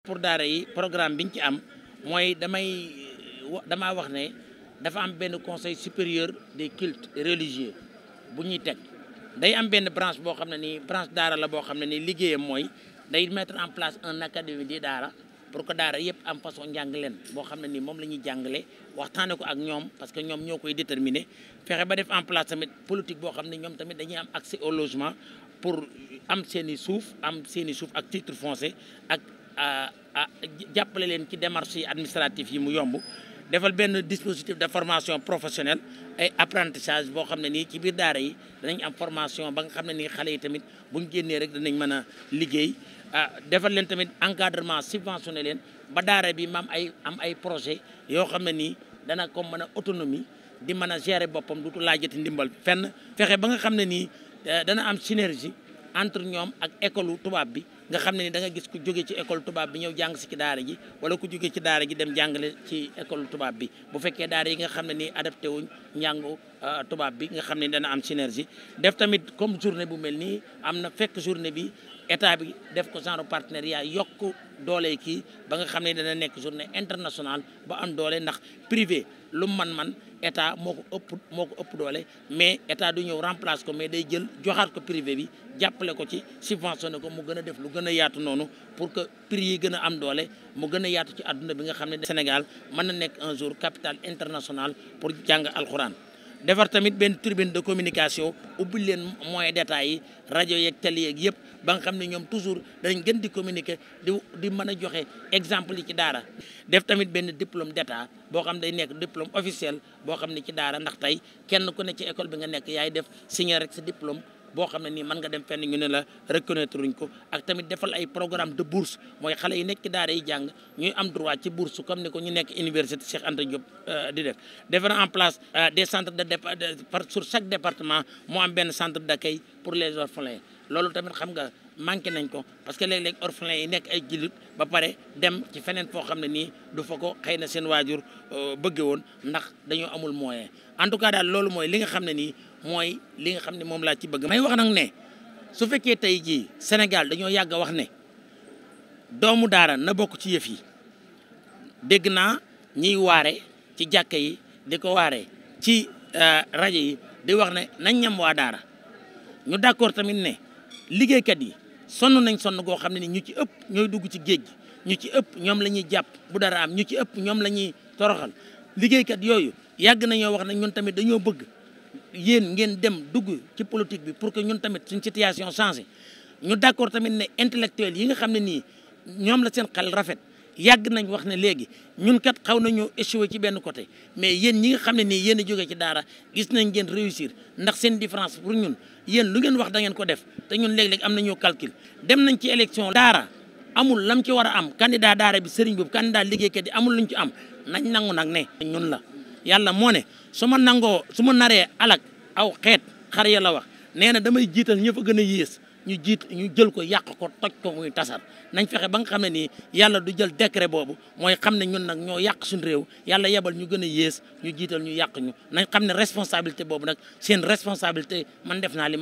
pour daara yi programme biñ ci am mooy damay damaa wax ne dafa am benn conseil supérieur des culte religieux bu ñuy teg day am benn branche boo xam ne nii branche daara la boo xam ne ni liggéeyam mooy day mettre en place un académie di daara pour que daara yëpp am façon leen boo xam ne nii moom la ñuy jàngale waxtaane ko ak ñoom parce que ñoom ñoo koy déterminer fexe ba def en place tamit politique boo xam ne ñoom tamit dañuy am accès au pour am seen suuf am seen suuf ak titre foncier ak jàppale leen ci démarches yi administratives yi mu yomb defal benn dispositif de formation professionnelle ay apprentissage boo xam ne nii ci biir daara yi danañ am formation ba nga xam ne nii xale yi tamit buñ génnee rek danañ mën a liggéey defal leen tamit encadrement subventionné leen ba daare bi maam ay am ay projet yoo xam ne nii dana ko mën a autonomie di mën a gérer boppam dutu laajati ndimbal fenn fexe ba nga xam ne nii e, dana am synergie entre ñoom ak école tubaab bi nga xam ne ni da nga gis ku jóge ci école tubaab bi ñëw jàng si ci daara ji wala ku jóge ci daara ji dem jàngale ci école tubaab bi bu fekkee daara yi nga xam ne nii adapté wuñ njàngu euh, tubaab bi nga xam ne dana am synergie def tamit comme journée bu mel ni am na fekk journée bi état bi def ko genre partenariat yokk doole yi kii ba nga xam ne dana nekk journée internationale ba am doole ndax privé lu man-man état moo ko ëpp moo ko ëpp doole mais état du ñëw remplace ko mais day jël joxaat ko privé bi jàppale ko ci subventionné ko mu gën a def lu gën a yaatu noonu pour que prix yi gën a am doole mu gën a yaatu ci àdduna bi nga xam ne Sénégal mën na nekk un jour capitale international pour jàng alxuraan defar tamit benn tribune de communication ubbil leen moyen d'état yi rajo yeeg télé yeeg yëpp banga xam ne ñoom toujours dañ gën di communique di di mën a joxe exemple yi ci daara def tamit benn diplôme d'état boo xam day nekk diplôme officiel boo xam ne ci daara ndax tey kenn ku ne ci école bi nga nekk yaay def signer rek sa diplôme boo xam ne nii mën nga dem fenn ñu ne la reconnaître luñ ko ak tamit defal ay programme de bourse mooy xale yi nekk ci daara jàng ñuy am droit ci bourse comme ni ko ñu nekk université Cheikh Anta Diop euh, di def def na en place euh, des centre de départ sur chaque département moo am benn centre d'accueil pour les orphelins loolu tamit xam nga manqué nañ ko parce que léeg-léeg orphelin yi nekk ay jullit ba pare dem ci feneen foo xam ne nii du fa ko xëy na seen waajur euh, bëgge woon ndax dañoo amul moyen en tout cas daal loolu mooy li nga xam ne nii mooy li nga xam ne moom laa ci bëgg may wax nag ne su fekkee tey jii Sénégal dañoo yàgg wax ne doomu daara na bokk ci yëf yi dégg naa ñiy waare ci jàkk yi di ko waare ci euh, rajo yi di wax ne nañ ñam waa daara ñu d'accord tamit ne liggéeykat yi sonn nañ sonn goo xam ne ni ñu ci ëpp ñooy dugg ci géej gi ñu ci ëpp ñoom la ñuy jàpp bu dara am ñu ci ëpp ñoom la ñuy toroxal liggéeykat yooyu yàgg nañoo wax ne ñun tamit dañoo bëgg yéen ngeen dem dugg ci politique bi pour que ñun tamit suñ situation changé ñu d'accord tamit ne intellectuel yi nga xam ne nii ñoom la seen xel rafet yàgg nañ wax ne léegi ñun kat xaw nañu échoué ci benn côté mais yéen ñi nga xam ne nii yéen jóge ci daara gis nañ ngeen réussir ndax seen différence pour ñun yéen lu ngeen wax da ngeen ko def te ñun léeg-léeg am nañu calcul dem nañ ci élection daara amul lam ci war a am candidat daara bi sëriñ boobu candidat liggéeykat di amul luñ ci am nañ nangu nag ne ñun la yàlla moo ne su ma nangoo su ma naree alak aw xeet xar ya la wax nee na damay jiital ñëpp a gën a yées ñu jiit ñu jël ko yàq ko toj ko muy tasar nañ fexe ba nga xam ne nii yàlla du jël décret boobu moo xam ne ñun nag ñoo yàq suñu réew yàlla yebal ñu gën a yées ñu jiital ñu yàq ñu nañ xam ne responsabilité boobu nag seen responsabilité man def naa li